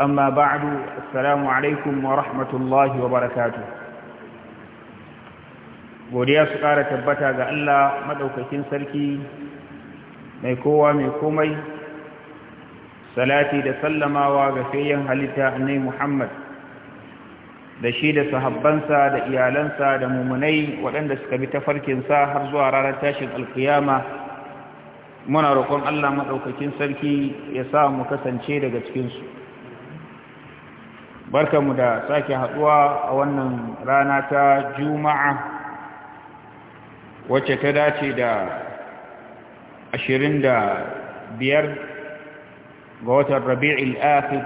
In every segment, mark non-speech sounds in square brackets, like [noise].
أما بعد السلام alaikum wa rahmatullahi wa barakatu. godiya su ƙara tabbata ga Allah maɗaukakin sarki mai kowa mai komai salati da sallamawa ga fayyan halitta annai Muhammad da shi da sahabbansa da iyalansa da mummunai, waɗanda suka bi tafarkinsa har zuwa ranar tashin alkiyama muna roƙon Allah maɗaukakin sarki ya sa mu kasance daga cikinsu barkanmu da sake haduwa a wannan rana ta juma'a wacce ta dace da 25 ga watan rabi'il akhir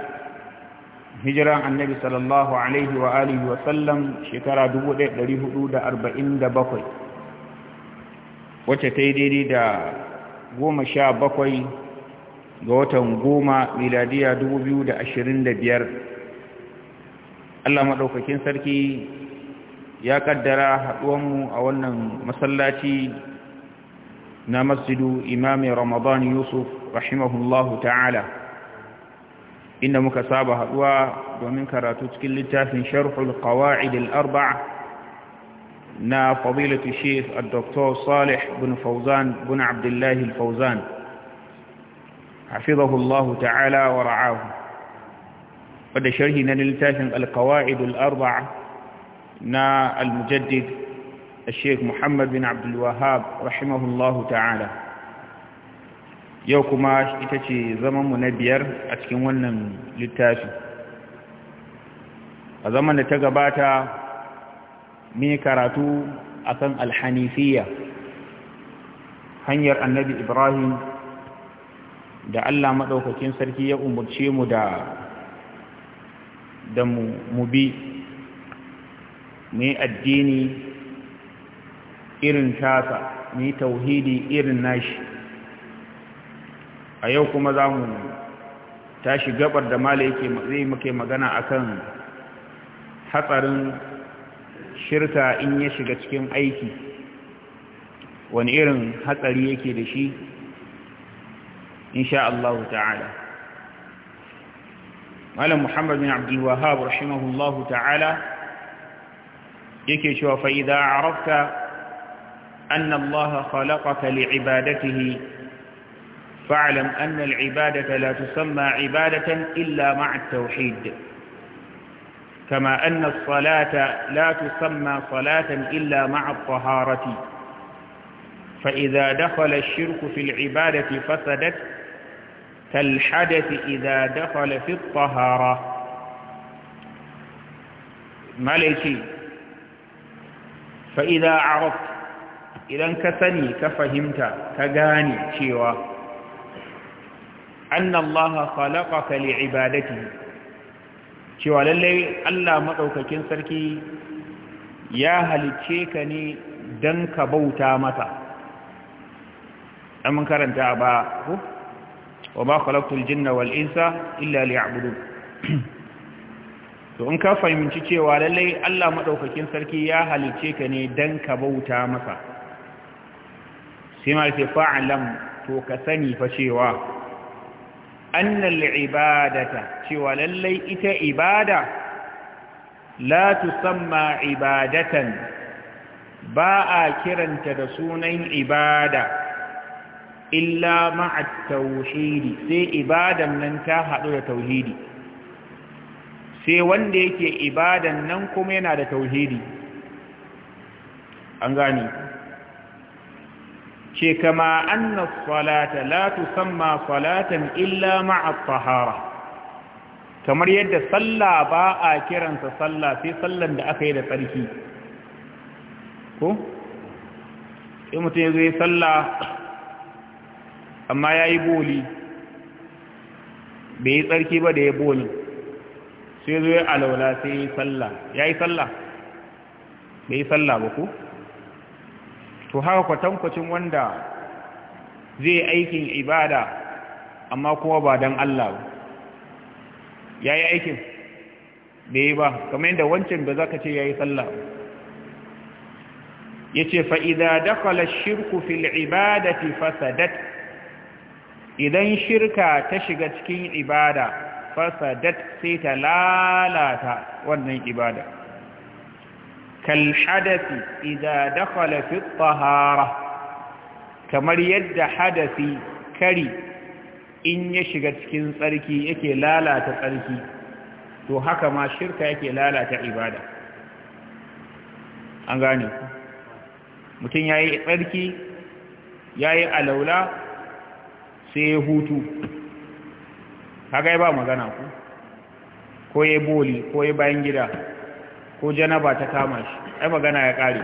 hijiran annabi sallallahu alaihi wa alihi wa shekara 1447 wacce ta yi daidai da 17 ga watan goma miladiya 2025 Allah maɗaukakin sarki ya ƙaddara mu a wannan masallaci na masjidu imami ramadan yusuf rahimahullahu ta'ala inda muka saba haɗuwa domin karatu cikin littafin sharhul qawa'id al-arba'a na fadilatu sheikh al-doktor salih bin fauzan bin abdullahi al-fauzan hafizahullahu ta'ala wa ra'ahu wadda sharhi na littafin alkawa'idul arba'a na almujaddid a محمد Muhammad bin الوهاب رحمه الله yau kuma ita ce zaman mu na biyar a cikin wannan littafi a zaman da ta gabata mini karatu akan alhanifiya hanyar annabi ibrahim da allah maɗaukakin sarki ya umarce mu da da mu bi mu addini irin tasa mu tauhidi irin nashi a yau kuma za mu tashi gabar da mala yake zai muke magana a kan hatsarin shirka in ya shiga cikin aiki wani irin hatsari yake da shi insha Allah ta'ala على محمد بن عبد الوهاب رحمه الله تعالى يكي شوف إذا عرفت أن الله خلقك لعبادته فاعلم أن العبادة لا تسمى عبادة إلا مع التوحيد كما أن الصلاة لا تسمى صلاة إلا مع الطهارة فإذا دخل الشرك في العبادة فسدت كالحدث إذا دخل في الطهارة مالكي فإذا عرفت إذا كثني كفهمت كغاني شيوا أن الله خلقك لعبادته شيوا للي ألا مطوك كنسركي يا هل تشيكني دنك بوتا متى أمن كرنت أبا wa ma khalaqtul jinna wal insa illa to in ka fahimci cewa lallai Allah madaukakin sarki ya halice ka ne dan ka bauta masa sai ma ce fa'lam to ka sani fa cewa annal ibadata cewa lallai ita ibada la tusamma ibadatan ba a kiranta da sunan ibada illa ma'a tauhidi sai ibadan nan ta haɗu da tauhidi sai wanda yake ibadan nan kuma yana da tauhidi an gani ce kama anna salata la tusamma salatan illa ma'a tahara kamar yadda sallah ba a kiransa sallah sai sallan da aka yi da tsarki ko in mutum ya zai salla sallah amma ya yi boli bai yi tsarki ba da ya boli sai zo ya alaula sai ya yi sallah ya yi bai yi sallah ba ku to haka kwatankwacin wanda zai aikin ibada amma kuma ba don Allah ba ya yi aikin bai yi ba kamar yadda wancan da za ka ce ya yi sallah ya ce fa'iza dakwalar shirku fil fi fasadat idan shirka ta shiga cikin ibada fasadat sai ta lalata wannan ibada kal hadasi idza dakhala fi tahara kamar yadda hadasi kari in ya shiga cikin tsarki yake lalata tsarki to haka ma shirka yake lalata ibada an gane mutum yayi tsarki yayi alaula sai ya hutu haka ya ba magana ku ko ya boli ko ya bayan gida ko janaba ta kama shi ai magana ya kare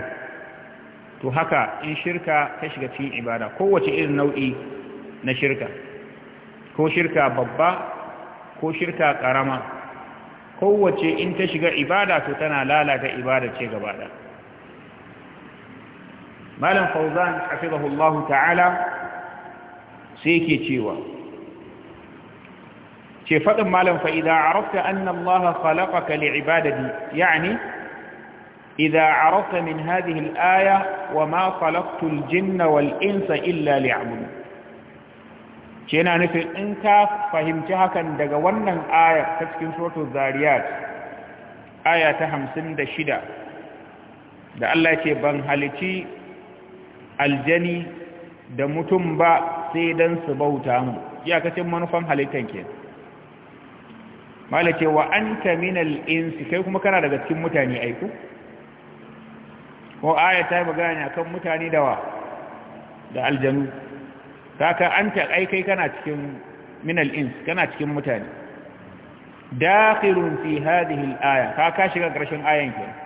to haka in shirka ta shiga cikin ibada kowace irin nau'i na shirka ko shirka babba ko shirka karama kowace in ta shiga ibada to tana lalata ibada ce gaba da malam fauzan hafizahullahu ta'ala sai ke cewa ke faɗin malam fa’ida a rafta annan maha falafa kali ibadadi ya idan a min hadi al’aya wa ma falaftul jinna wal’insa illa li’amun ke na nufin in ka fahimci hakan daga wannan ayar ta cikin soto zariyat aya ta hamsin da shida da allah ce ban halici aljani da mutum ba sai dan su bauta mu iyakacin manufan halittan ke malake wa anta minal insi kai kuma kana daga cikin mutane aiku ko aya ta yi magana kan mutane da da aljanu kaka an ta kai kana cikin minal ins kana cikin mutane dakhilun fi hadhihi al-aya kaka shiga karshen ayan kenan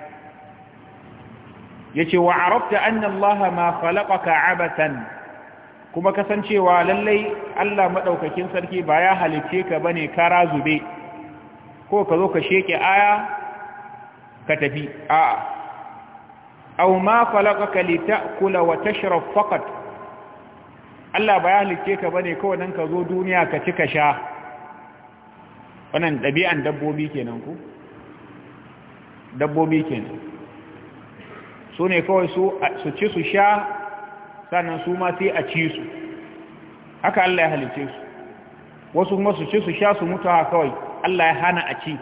yace wa arabta anna Allah ma khalaqaka abatan kuma kasancewa lallai Allah maɗaukakin sarki ba ya halicce ka bane kara zube ko ka zo ka sheke aya ka tafi a'a aw ma khalaqaka li ta'kula wa tashrab faqat Allah ba ya halicce ka bane kawai nan ka zo duniya ka ci ka sha wannan ɗabi'an dabbobi kenan ku dabbobi kenan su ne kawai su ci su sha sannan su ma sai a ci su haka Allah ya halice su wasu kuma su ci su sha su mutuwa kawai Allah ya hana a ci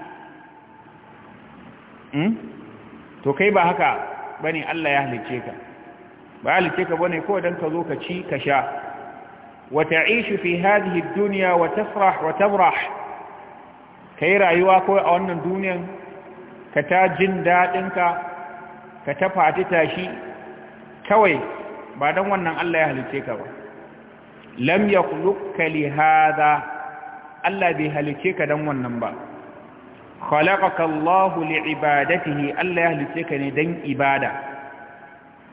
hmm? to kai ba haka ba ne Allah ya halice ka ba halice ka ba ne kawai don ka zo ka ci ka sha wa ta'ishu fi hadhihi duniya wata farah wata wa Ka yi rayuwa kawai a wannan duniyan ka ta jin daɗinka? ka ka ta fati tashi kawai ba don wannan Allah ya halice ka ba lam ya kulukka li hada Allah bai halice ka don wannan ba khalaqaka Allah li ibadatihi Allah ya halice ka ne don ibada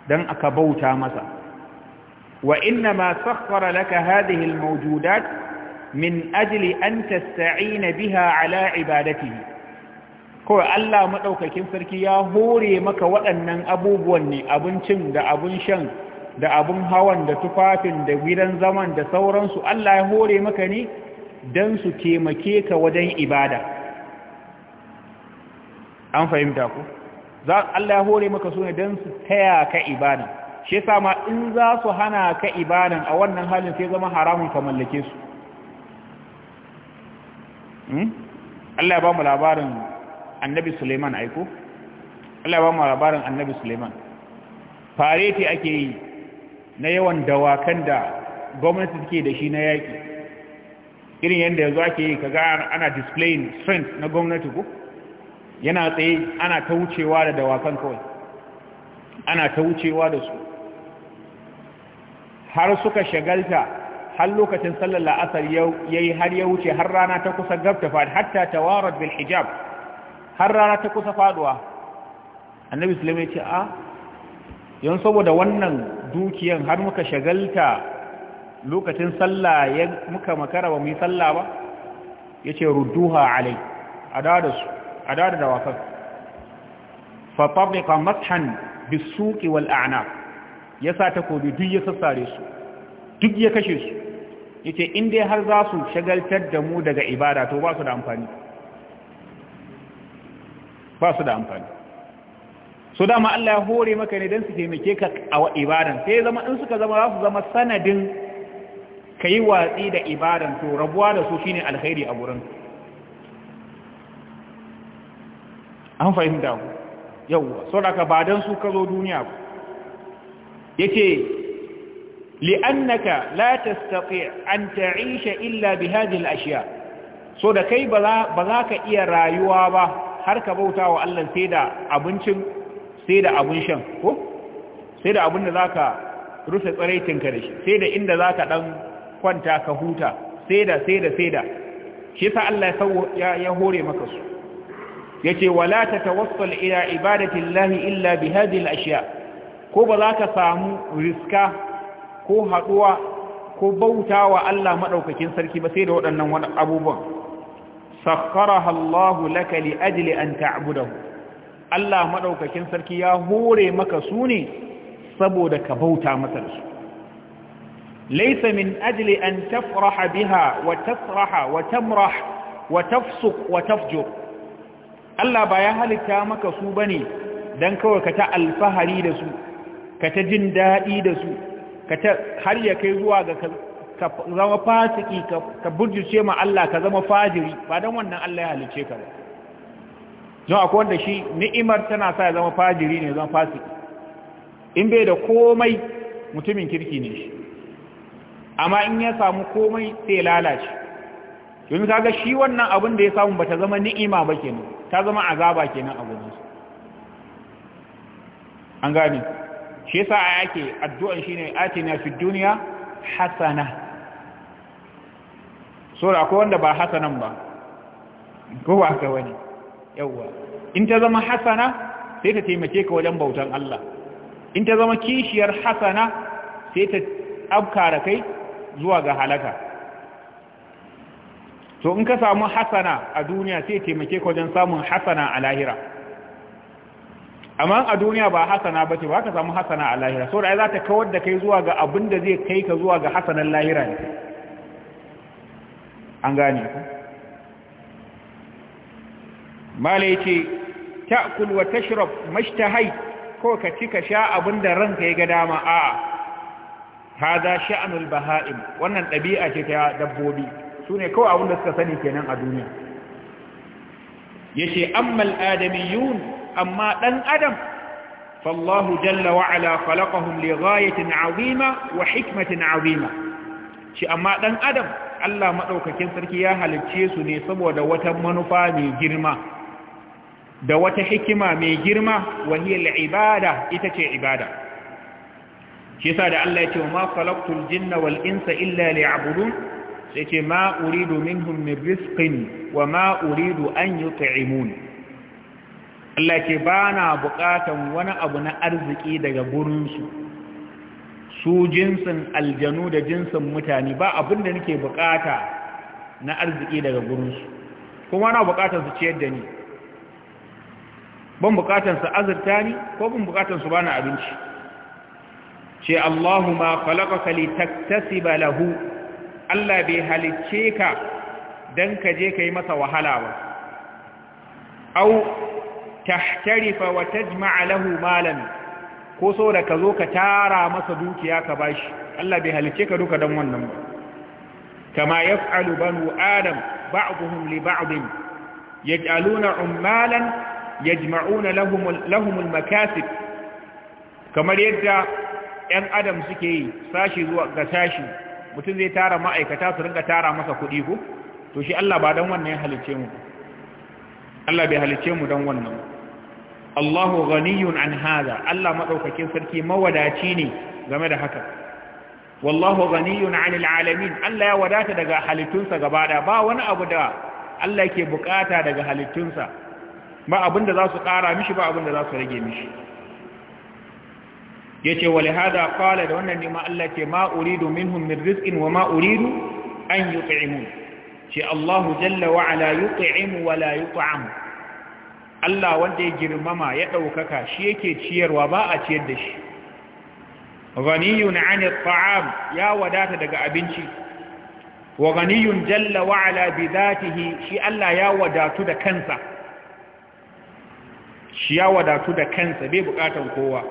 don aka bauta masa wa inna ma sakhkhara laka hadhihi al min ajli an tasta'ina biha ala ibadatihi kawai Allah maɗaukakin sarki ya hore maka waɗannan abubuwan ne abincin da abun shan da abun hawan da tufafin da gidan zaman da sauransu Allah ya hore maka ne don su taimake ka wajen ibada an fahimta ku Za Allah ya hore maka su ne don su taya ka ibada shi yasa ma in za su hana ka ibadan a wannan halin sai zama haramun ka mallake su hmm? Allah ya ba mu labarin annabi Suleiman aiko Allah ya ba mu labarin annabi Suleiman fareti ake yi na yawan dawakan da gwamnati suke da shi na yaƙi irin yadda yanzu ake yi kaga ana displaying strength na gwamnati ko yana tsaye ana ta wucewa da dawakan kawai ana ta wucewa da su har suka shagalta har lokacin sallar la'asar yau yayi har ya wuce har rana ta kusa gabta faɗi hatta tawarar bil hijab har rana ta kusa faduwa. annabi ya ce a ah, yan saboda wannan dukiyan har muka shagalta lokacin sallah ya muka makara ba mu yi sallah ba ya ce rudduha alai a da su a da da wasan fatabika mathan bisuki wal a'naq ya sa takobi duk ya sassare su duk ya kashe su yace in dai har za su shagaltar da mu daga ibada to ba su da amfani ba su da amfani so dama Allah ya hore maka ne don su taimake ka a ibadan sai zama in suka zama za su zama sanadin ka yi watsi da ibadan to rabuwa da su shine alkhairi a gurin an fahimta ku yawwa so ba don su ka zo duniya ku yace li'annaka la tastati' an ta'isha illa bi hadhihi al so da kai ba za ka iya rayuwa ba har ka bauta wa Allah sai da abincin sai da abun shan ko sai da abun da za ka rufe tsaraitinka da shi sai da inda za ka ɗan kwanta ka huta sai da sai da sai da shi sa Allah ya hore maka su ya ce wala ta tawassal ila ibadatin lahi illa bi hadhihi ashiya ko ba za ka samu riska ko haɗuwa ko bautawa Allah maɗaukakin sarki ba sai da waɗannan abubuwan Sakkara Allah laka li ajli an ta'budahu Allah maɗaukakin sarki ya hore maka su ne saboda ka bauta masa da su laisa min ajli an tafraha biha wa tasraha wa tamrah wa tafsuk wa tafjur Allah ba ya halitta maka su bane dan kawai ka ta alfahari da su ka ta jin daɗi da su ka ta har ya kai zuwa ga ka zama fasiki ka burjice ma Allah ka zama fajiri ba don wannan Allah ya halicce ka ba don akwai wanda shi ni'imar tana sa ya zama fajiri ne zan fasiki in bai da komai mutumin kirki ne shi amma in ya samu komai sai ya lalace domin kaga shi wannan abin da ya samu ba ta zama ni'ima ba kenan ta zama azaba kenan a gurin su an gane shi yasa yake addu'an shine atina fi duniya hasana sura akwai wanda ba hasanan ba ko ba ka wani Yauwa, in ta zama hasana sai ta taimake ka wajen bautan Allah in ta zama kishiyar hasana sai ta abkara kai zuwa ga halaka to in ka samu hasana a duniya sai taimake ka wajen samun hasana a lahira amma a duniya ba hasana bace ba ka samu hasana a lahira da ai za ta kawar da kai zuwa ga abin da zai kai ka zuwa ga hasanan lahira ne an gane ku Mala ya ce, Ta kulwa ta shirof mashtahai ko ka ci ka sha abin da ranka ya ga dama a ha za sha’anul baha’im wannan ɗabi’a ce ta dabbobi su ne kawai abin da suka sani kenan a duniya. Ya ce, Ammal adami yiun, amma ɗan adam, fallahu jalla wa’ala falakahun le gayetin azima wa hikmatin azima. Ce, amma ɗan adam, Allah maɗaukakin sarki ya halicce su ne saboda wata manufa mai girma. da wata hikima mai girma wahiyar ibada ita ce ibada shi sa da Allah ya ce ma khalaqtul jinna wal insa illa liya'budun sai ce ma uridu minhum min rizqin wa ma uridu an yut'imun Allah ce bana bukatan wani abu na arziki daga gurin su su jinsin aljanu da jinsin mutane ba abin da nake bukata na arziki daga gurin su kuma na bukatar su ciyar da ni ban bukatar su azurta ni ko ban bukatan su bani abinci ce Allahu ma taktasi ba lahu Allah bai halicce ka don ka je yi masa wahala ba au tahtarifa wa tajma'a lahu malan ko so da ka zo ka tara masa dukiya ka bashi Allah bai halicce ka duka dan wannan ba kama yaf'alu banu adam ba'dhum li ba'd yaj'aluna ummalan yajma'una lahum al-makasib kamar yadda ‘yan adam suke yi sashi zuwa ga sashi mutum zai tara ma'aikata su rinka tara masa kuɗi ku to shi Allah ba don wannan halice mu Allah bai halice mu don wannan Allahu ghaniyun an hada Allah madaukakin sarki mawadaci ne game da haka wallahu ghaniyun anil alamin Allah ya wadata daga halittunsa gaba da ba wani abu da Allah ke bukata daga halittunsa ba abin da za su ƙara mishi ba abin da za su rage mishi ya ce wale hada kwale da wannan nema Allah ce ma'uridu minhum min rizkin wa ma'uridu an yi ƙi'imu ce Allahu jalla wa ala yi ƙi'imu wa la yi ƙa'amu Allah wanda ya girmama ya ɗaukaka shi yake ciyarwa ba a ciyar da shi Ganiyun an ta'am ya wadata daga abinci wa ganiyun jalla wa ala bi dhatihi shi Allah ya wadatu da kansa shi ya wadatu da kansa bai bukatan kowa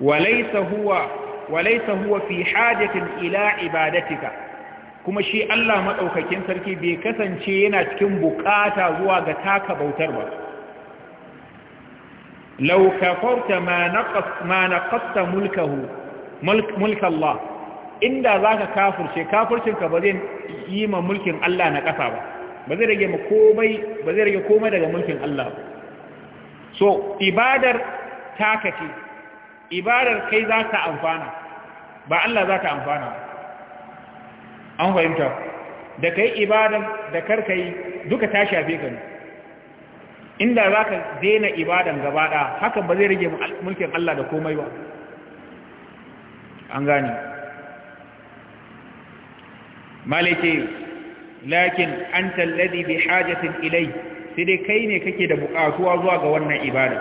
walaysa huwa walaysa huwa fi hajatin ila ibadatika kuma shi Allah madaukakin sarki bai kasance yana cikin bukata zuwa ga taka bautar ba law kafarta ma naqas ma naqatta mulkahu mulk Allah inda zaka kafirce kafircinka ba zai yi ma mulkin Allah na kasa ba ba zai rage komai ba zai rage komai daga mulkin Allah ba so ibadar taka ce ibadar kai za ta amfana ba Allah za ta amfana an fahimta da kai ibadar, da karka yi duka ta shafe ka ne inda za ka daina ibadan gaba hakan ba zai rage mulkin Allah da komai ba an gane malike lakin an tallazi bi hajatin ilai sai dai kai ne kake da buƙatuwa zuwa ga wannan ibada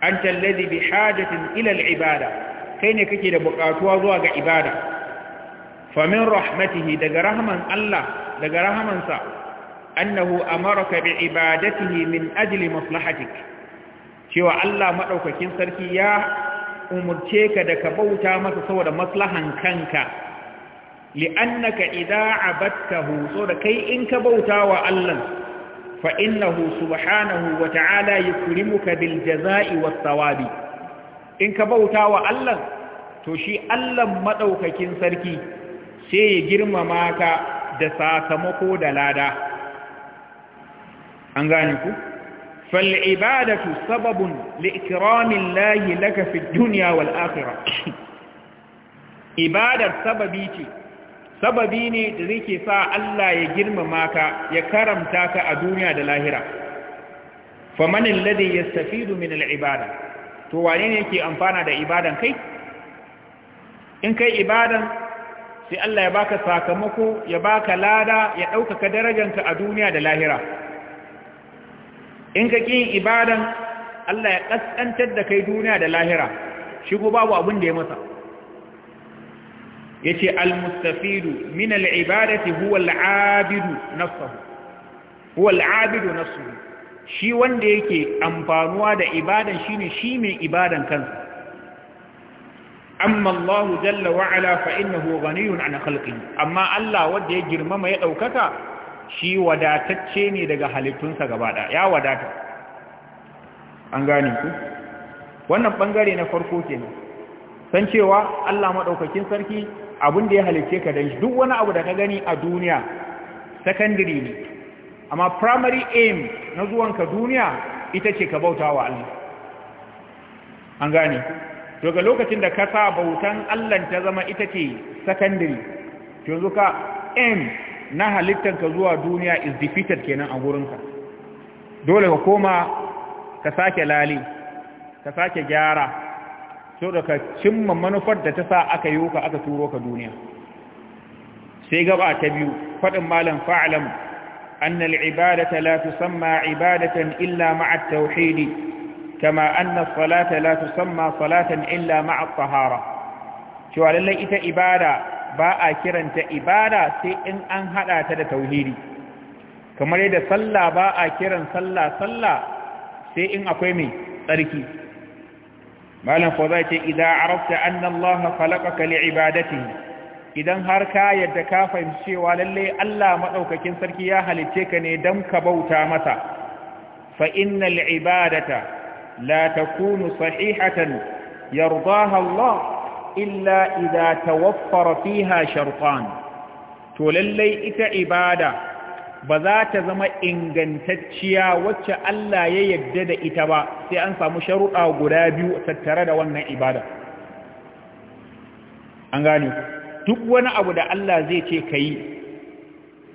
anta alladhi bi hajatin ila al-ibada kai ne kake da buƙatuwa zuwa ga ibada famin rahmatihi daga rahman Allah daga sa annahu amaraka bi ibadatihi min ajli maslahatik cewa Allah madaukakin sarki ya umurce ka da ka bauta masa saboda maslahan kanka li'annaka idza abadtahu so da kai in ka bauta wa Allah فإنه سبحانه وتعالى يكرمك بالجزاء والثواب إن كبوتا وألن تشي ألن مدوك كنسركي سي جرم ماك دساكمكو دلادا أنغانيكو فالعبادة سبب لإكرام الله لك في الدنيا والآخرة عبادة سببيتي sababi ne da zai ke sa Allah ya girmama ka ya karamta ka a duniya da lahira famanin ladin ya stafidu min al'ibada to wane ne yake amfana da ibadan kai in kai ibadan sai Allah ya baka sakamako ya baka lada ya ɗaukaka darajanka a duniya da lahira in ka ƙin ibadan Allah ya ƙasƙantar da kai duniya da lahira Shigo babu abin da ya masa yace al-mustafidu min ibadati huwa al nafsuhu huwa al nafsuhu shi wanda yake amfanuwa da ibadan shine shi mai ibadan kansa amma Allah jalla wa ala fa innahu ghaniyun an khalqihi amma Allah wanda ya girmama ya daukaka shi wadatacce ne daga halittunsa gaba ya wadata an gane ku wannan bangare na farko kenan san cewa Allah madaukakin sarki abin da ya halice ka dan shi duk wani abu da ka gani a duniya secondary ne amma primary aim na zuwanka duniya ita ce ka bauta wa Allah an gane to ga lokacin da ka sa bautan Allah ta zama ita ce secondary to yanzu ka aim na halittanka zuwa duniya is defeated kenan a gurinka dole ka koma ka sake lali ka sake gyara sau da ka cimma manufar da ta sa aka yi ka aka turo ka duniya sai gaba ta biyu faɗin malam fa’alam annal ibadata la tu samma ibadatan illa ma’ad tauhidi kama annal salata la tu samma salatan illa ma’ad tahara cewa ita ibada ba a kiranta ibada sai in an haɗa ta da tauhidi kamar yadda sallah ba a kiran salla salla sai in akwai mai tsarki malam fa zai ce idan arafta anna Allah khalaqaka li idan har ka yadda ka fahimci cewa lalle Allah madaukakin sarki ya halice ka ne dan ka bauta masa fa innal ibadata la takunu sahihatan yardaha Allah illa ta tawaffara fiha shartan to lalle ita ibada ba za ta zama ingantacciya wacce Allah ya yadda da ita ba sai an samu sharuɗa guda biyu tattare da wannan ibada an gane duk wani abu da Allah zai ce ka yi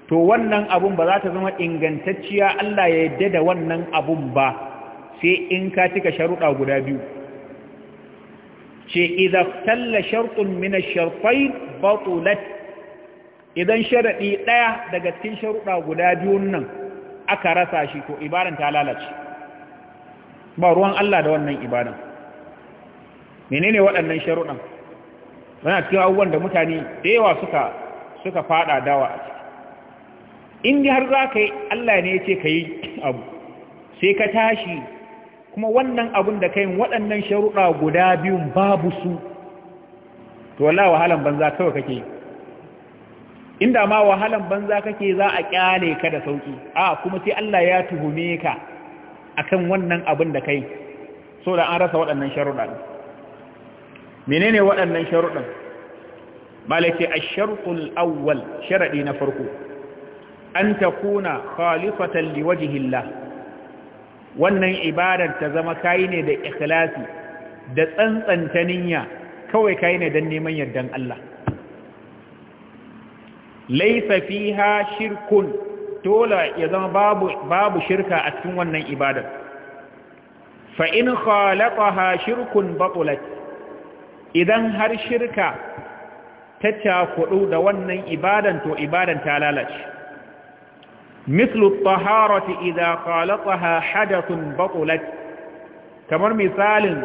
to wannan abun ba za ta zama ingantacciya Allah ya yadda da wannan abun ba sai in ka cika sharuɗa guda biyu ce idza talla shartun min ash batulat idan sharaɗi ɗaya daga cikin sharuɗa guda biyun nan aka rasa shi to ibadan ta lalace ba ruwan Allah da wannan ibadan menene waɗannan sharuɗan yana cikin abubuwan da mutane da yawa suka suka fada dawa a ciki in har za ka yi Allah ne ya ce ka yi abu sai ka tashi kuma wannan abun da ka yi waɗannan sharuɗa guda biyun babu su to wallahi wahalan banza kawai kake yi inda ma wahalan banza kake za a kyale ka da sauki a kuma sai Allah ya tuhume ka akan wannan abin da kai so da an rasa waɗannan sharuɗa menene waɗannan sharuɗan malaki ash-shartul awwal sharadi na farko an takuna khalifatan liwajhi wannan ibadar ta zama kai ne da ikhlasi da tsantsanta niyya kawai kai ne dan neman yardan Allah laisa fiha shirkun dole ya zama babu babu shirka a cikin wannan ibadar fa in khalaqaha shirkun batulat idan har shirka ta cakudu da wannan ibadan to ibadan ta lalace mislu taharati idza khalaqaha hadathun batulat kamar misalin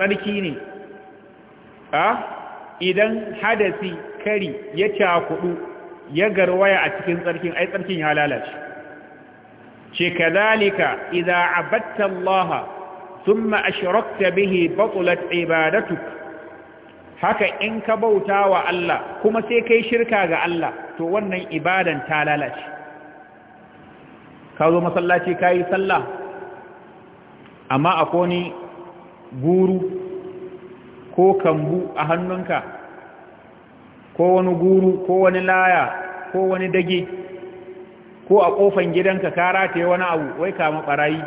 tsarki ne a idan hadasi kari ya cakudu ya garwaya a cikin tsarkin ai tsarkin ya lalace ce kadhalika idza abatta Allah thumma ashrakta bihi batulat ibadatuk haka in ka bauta wa Allah kuma sai kai shirka ga Allah to wannan ibadan ta lalace ka zo masallaci kayi sallah amma akwai guru ko kambu a hannunka ko wani guru ko wani laya ko wani dage ko a kofan gidanka ka yi wani abu wai kama barayi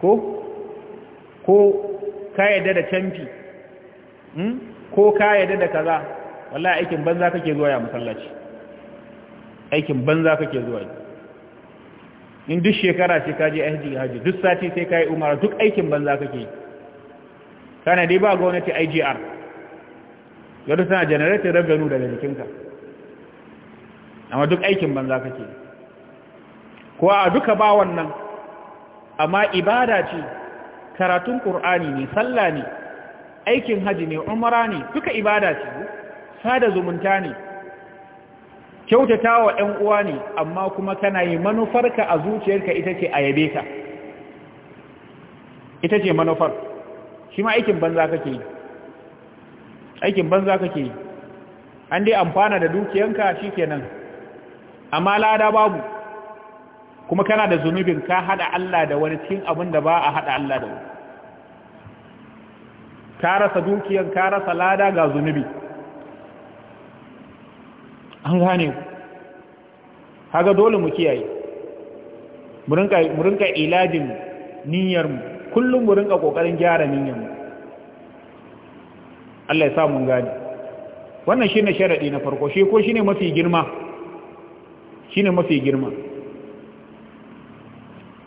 ko ko ka yadda da canfi hmm? ko ka yadda da kaza wallahi aikin banza kake zuwa ya musallaci aikin banza kake zuwa in duk shekara sai ka je aiki haji duk sati sai ka yi umara duk aikin banza kake kana dai ba gwamnati IGR yadda tana generating rabbanu daga jikinka amma duk aikin banza kake ko a duka ba wannan amma ibada ce karatun qur'ani ne sallah ne aikin haji ne umara ne duka ibada ce sada zumunta ne kyautata wa ‘yan uwa ne amma kuma kana yi manufarka a zuciyarka ita ce a yabe ka ita ce manufar shi ma aikin banza kake yi aikin banza kake yi an dai amfana da dukiyanka shikenan amma lada babu kuma kana da zunubin ka hada Allah da wani cikin abin da ba a hada Allah da wani ka rasa dukiyan ka rasa lada ga zunubi an gane ku haga dole mu kiyaye mu rinka ilajin niyyarmu kullum mu rinka kokarin gyara niyyarmu Allah ya sa gani wannan shi ne sharaɗi na farko shi ko shine mafi girma shine mafi girma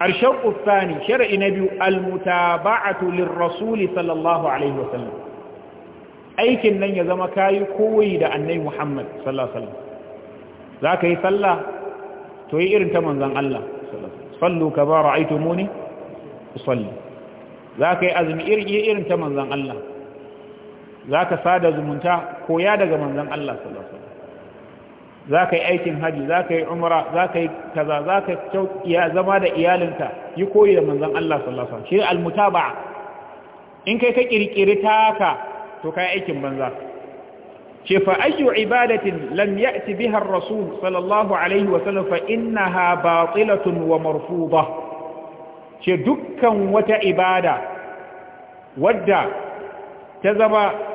الشرط الثاني شرع نبي المتابعة للرسول صلى الله عليه وسلم aikin nan ya zama kayi koyi da annai Muhammad sallallahu za ka yi sallah to yi irin ta manzan Allah sallu ka ba ra'aitu muni usalli za ka yi azumi irin ta manzan Allah za ka sada zumunta koya daga manzan Allah sallallahu alaihi za ka yi aikin haji za ka yi umra za ka yi kaza za ka iya zama da iyalinka yi koyi da manzan Allah sallallahu alaihi wasallam shi almutaba'a in kai ka kirkiri taka to kai aikin banza ce fa ayyu ibadatin lam ya'ti biha ar-rasul sallallahu alaihi wasallam fa innaha batilatun wa marfuda ce dukkan wata ibada wadda ta zama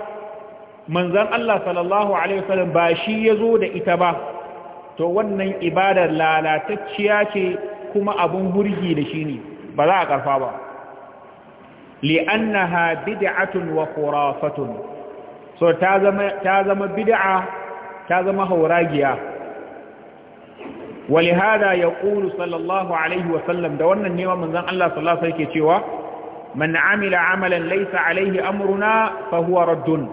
manzan Allah sallallahu Alaihi wasallam ba shi ya zo da ita ba to wannan ibadar lalatacciya ce kuma abin burgi da shi ne ba za a karfa ba li'annaha bid'atun wa khurafatun so ta zama ta zama bid'a ta zama hauragiya ولهذا يقول صلى الله عليه وسلم ده wannan nema manzon Allah sallallahu alaihi wasallam yake cewa man amila amalan laisa alaihi amruna fa huwa raddun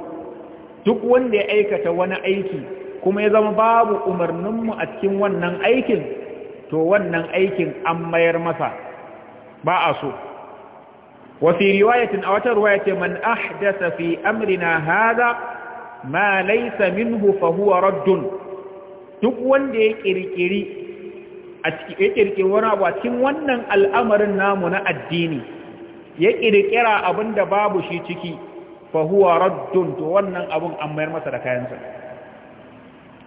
duk wanda ya aikata wani aiki kuma ya zama babu umarninmu a cikin wannan aikin to wannan aikin an mayar masa ba a so wafi riwayatin a wata ruwaya ce man ahdasa fi amrina hada ma laysa minhu fa huwa raddun duk wanda ya kirkiri a cikin wani abu a cikin wannan al'amarin namu na addini ya kirkira abinda babu shi ciki fa huwa raddun to wannan abun an mayar masa da kayansa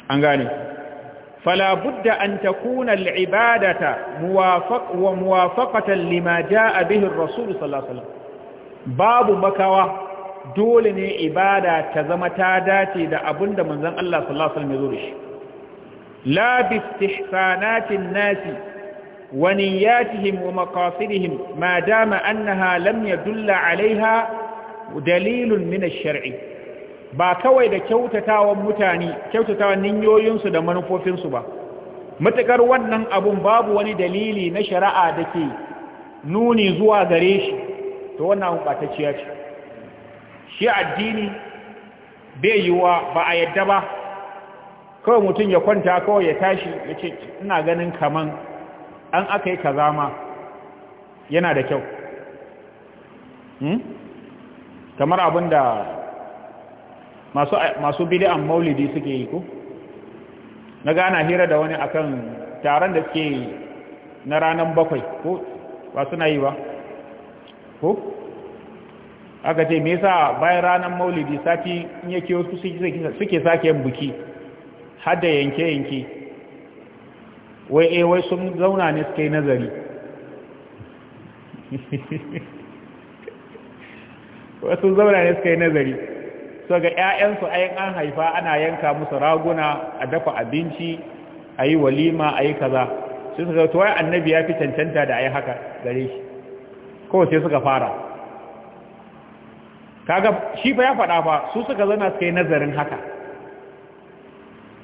an gane fala budda an takuna al-ibadata wa muwafaqatan lima jaa bihi ar-rasul sallallahu alaihi wasallam babu makawa dole ne ibada ta zama ta dace da abinda manzon Allah sallallahu alaihi wasallam ya zo da shi la bi istihsanatin nasi wa niyyatihim wa maqasidihim ma dama annaha lam yadulla alaiha dalilun min ash ba kawai da kyautatawan mutane kyautatawan ninyoyinsu da manufofinsu ba Matukar wannan abun babu wani dalili na shari'a da ke nuni zuwa gare shi to wannan abun ɓatacciya ce shi addini bai yiwuwa ba a yadda ba kawai mutum ya kwanta kawai ya tashi ya ce ina ganin kaman an aka yi kazama yana da kyau hmm? kamar abin da masu bidi'an maulidi suke yi ko na gana hira da wani akan taron da suke na ranar bakwai ko ba suna yi ba ko aka ce me yasa bayan ranar maulidi sati in yake wasu suke sake yin buki har da yanke-yanke wai eh wai sun zauna ne suke nazari [laughs] wasu zauna ne suka yi nazari so ga 'ya'yansu ayin an haifa ana yanka musu raguna a dafa abinci a yi walima a yi kaza sai suka to wai annabi ya fi cancanta da a yi haka gare shi ko sai suka fara kaga shi fa ya faɗa fa su suka zana suka yi nazarin haka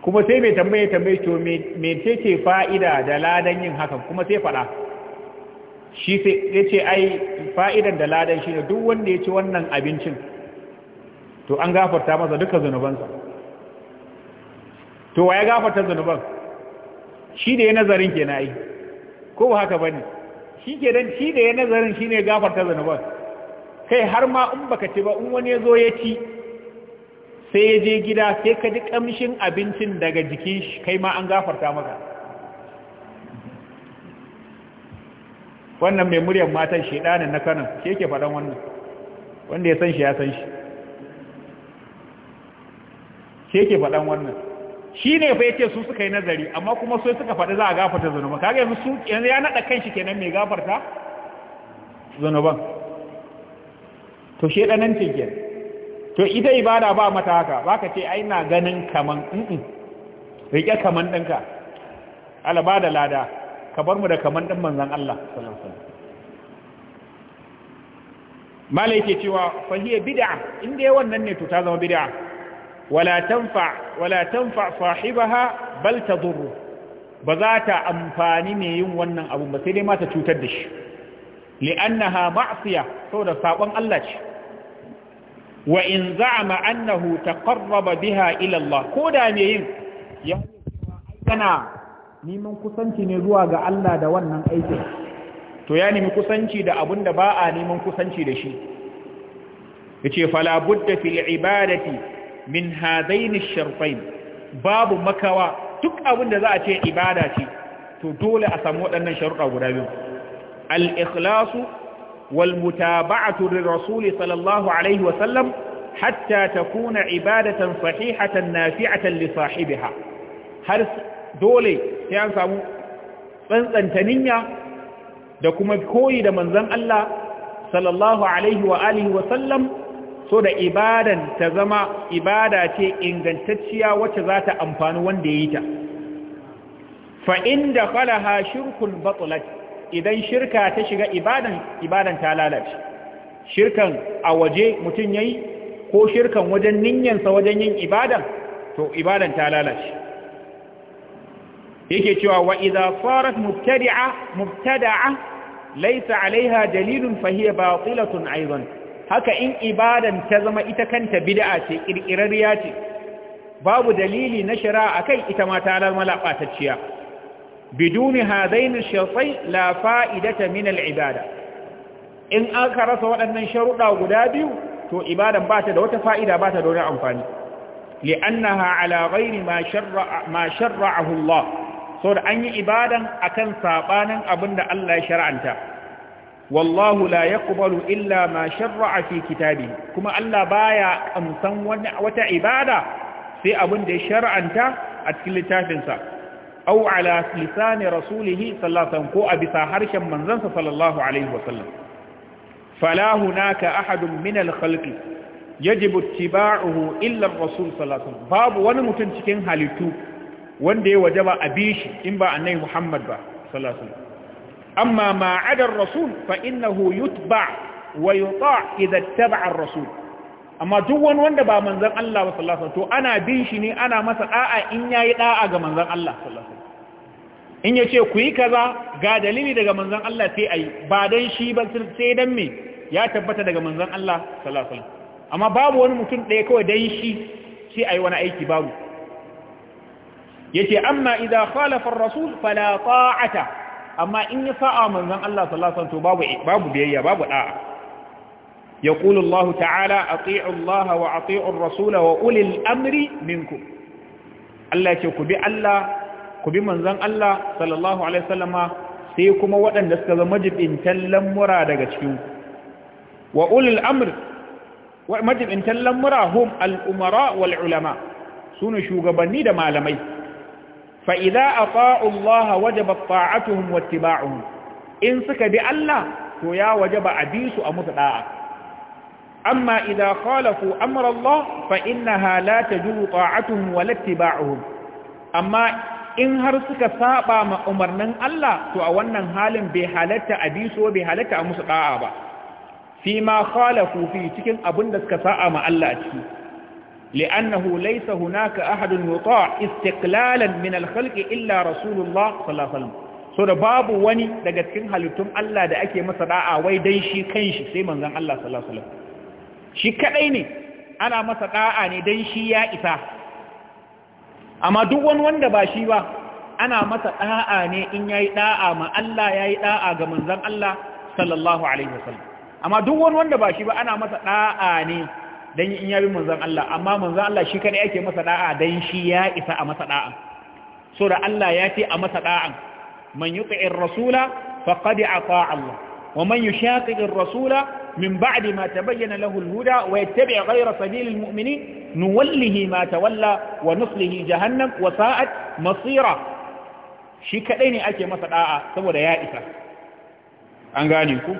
kuma sai mai tambaye tambaye to me ce fa'ida da ladan yin haka kuma sai faɗa shi ya ce ai fa'idan da ladan shi da duk wanda ya ci wannan abincin to an gafarta masa duka zunubansa to wa ya gafarta zunuban shi da ya nazarin ke na yi ko ba haka ba ne shi ke shi da ya nazarin shi ne gafarta zunuban kai har ma in baka ci ba in wani ya zo ya ci sai ya je gida sai ka ji kamshin abincin daga jikin shi kai ma an gafarta maka wannan mai muryar matan ɗanin na kanan shi yake faɗan wannan wanda ya san shi ya san shi shi yake faɗan wannan shi ne fa yake su suka yi nazari amma kuma sai suka faɗi za a gafarta zunuban ka ga su yanzu ya naɗa kan shi kenan mai gafarta zunuban to shedanin nan cikin to ita ibada ba mata haka ba ka ce ai ina ganin kaman in rike kaman ɗinka alaba da lada ka bar mu da kaman ɗin manzan Allah mala yake cewa fahiyar bid'a inda yawan nan ne to ta zama bid'a wala tanfa wala tanfa sahibaha bal tadur ba za ta amfani ne yin wannan abun ba sai dai mata cutar da shi li'annaha sau da sabon Allah ce وإن زعم أنه تقرب بها إلى الله كودا نيم يهنا neman kusanci ne zuwa ga Allah da wannan aikin to ya nemi kusanci da abun da ba a neman kusanci da shi yace fala budda fil ibadati min hadaini shartain babu makawa duk abun da za a ce ibada ce to dole a samu waɗannan sharuɗa guda biyu al ikhlasu wal mutaba'atu lir rasul sallallahu alaihi wa sallam hatta takuna ibadatan sahihatan nafi'atan li sahibiha har dole sai an samu tsantsanta niyya da kuma koyi da manzon Allah sallallahu alaihi wa alihi wa sallam so da ibadan ta zama ibada ce ingantacciya wacce za ta amfani wanda ya yi ta Fa'inda falaha shirkun batsulat idan shirka ta shiga ibadan ibadan ta lalace shirkan a waje mutum ya yi ko shirkan wajen ninyansa wajen yin ibadan to ibadan ta lalace yake cewa wa idza sarat mubtadi'a mubtada'a laysa 'alayha dalilun fa batilatun aidan haka in ibadan ta zama ita kanta bid'a ce kirkirariya ce babu dalili na shari'a akai ita ma ta lalma labatacciya biduni hadain ash-shartai la fa'idata min al-ibada in aka rasa waɗannan sharuɗa guda biyu to ibadan ba ta da wata fa'ida ba ta da wani amfani li'annaha ala ma sharra'a ma sharra'ahu Allah saboda an yi ibadan akan saɓanin abin da Allah ya shar'anta wallahu la yaqbalu illa ma shar'a fi kitabi kuma Allah baya amsan wata ibada sai abin da ya shar'anta a cikin littafinsa Au ala lisani rasulih sallallahu ko a bisa harshen manzansa sallallahu alaihi wasallam fala hunaka ahadun min al-khalqi yajibu ittiba'uhu illa ar-rasul sallallahu alaihi wasallam babu wani mutum cikin halittu wanda ya wajaba a bi shi in ba annabi Muhammad ba amma ma rasul fa innahu yutba wa yuta idha ittaba ar-rasul amma duk wani wanda ba manzan Allah ba sallallahu to ana bin shi ne ana masa ɗa'a in yayi ɗa'a ga manzan Allah sallallahu alaihi wasallam in ku yi kaza ga dalili daga manzan Allah sai ayi ba don shi ba sai dan me ya tabbata daga manzan Allah sallallahu amma babu wani mutum ɗaya kawai dan shi sai ayi wani aiki babu yace amma idza khalafa ar-rasul fala ta'ata amma in ya sa'a manzon Allah sallallahu alaihi wasallam babu babu biyayya babu da'a yaqulu Allah ta'ala ati'u Allah wa ati'u ar-rasul wa ulil amri minkum Allah ce ku bi Allah ku bi manzon Allah sallallahu alaihi wasallama sai kuma waɗanda suka zama jibintan lamura daga cikin wa ulil amr wa majibintan lamura hum al-umara wal ulama sunu shugabanni da malamai fa idza ata'u Allah wajaba ta'atuhum wattiba'uhu in suka bi Allah to ya wajaba abisu a musu ɗa'a. amma idan khalafu amra Allah fa innaha halata tajulu ta'atuhum wa lattiba'uhum amma in har suka saba ma umarnin Allah to a wannan halin bai halatta a biso bai halatta a musu ɗa'a ba fi ma khalafu fi cikin abin da suka sa'a ma Allah a ciki لأنه ليس هناك أحد يطاع استقلالا من الخلق إلا رسول الله صلى الله عليه وسلم so da babu wani daga cikin halittun Allah da ake masa da'a wai dai shi kanshi sai manzon Allah sallallahu alaihi wasallam shi kadai ne ana masa da'a ne dan shi ya isa amma duk wani wanda ba shi ba ana masa da'a ne in yayi da'a ma Allah yayi da'a ga manzon Allah sallallahu alaihi wasallam amma duk wani wanda ba shi ba ana masa da'a ne dan in ya manzan Allah amma manzan Allah shi kadai ake masa ɗa'a dan shi ya isa a masa da'a so da Allah ya ce a masa ɗa'a, man yuti'i rasula faqad ata Allah wa man yushaqiqi rasula min ba'di ma ta bayyana al-huda wa yattabi' ghayra sabili al-mu'minin nuwallihi ma walla, wa nuslihi jahannam wa sa'at masira shi kadai ne ake masa ɗa'a saboda ya isa an gane ku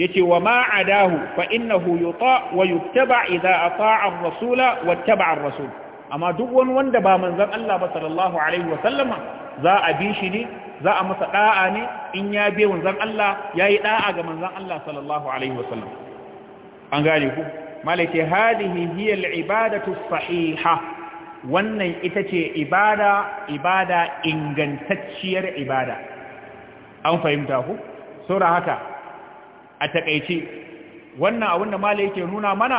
yace wa ma adahu fa innahu yuta wa yuttaba idza ata'a ar-rasula wattaba ar-rasul amma duk wani wanda ba manzon Allah ba sallallahu alaihi wa sallama za a bi shi ne za a masa da'a ne in ya bi manzon Allah yayi da'a ga manzon Allah sallallahu alaihi wa sallam an gane ku malaki hadihi hiya al-ibadatu sahiha wannan ita ce ibada ibada ingantacciyar ibada an fahimta ku sura haka a takaice wannan abin da mala yake nuna mana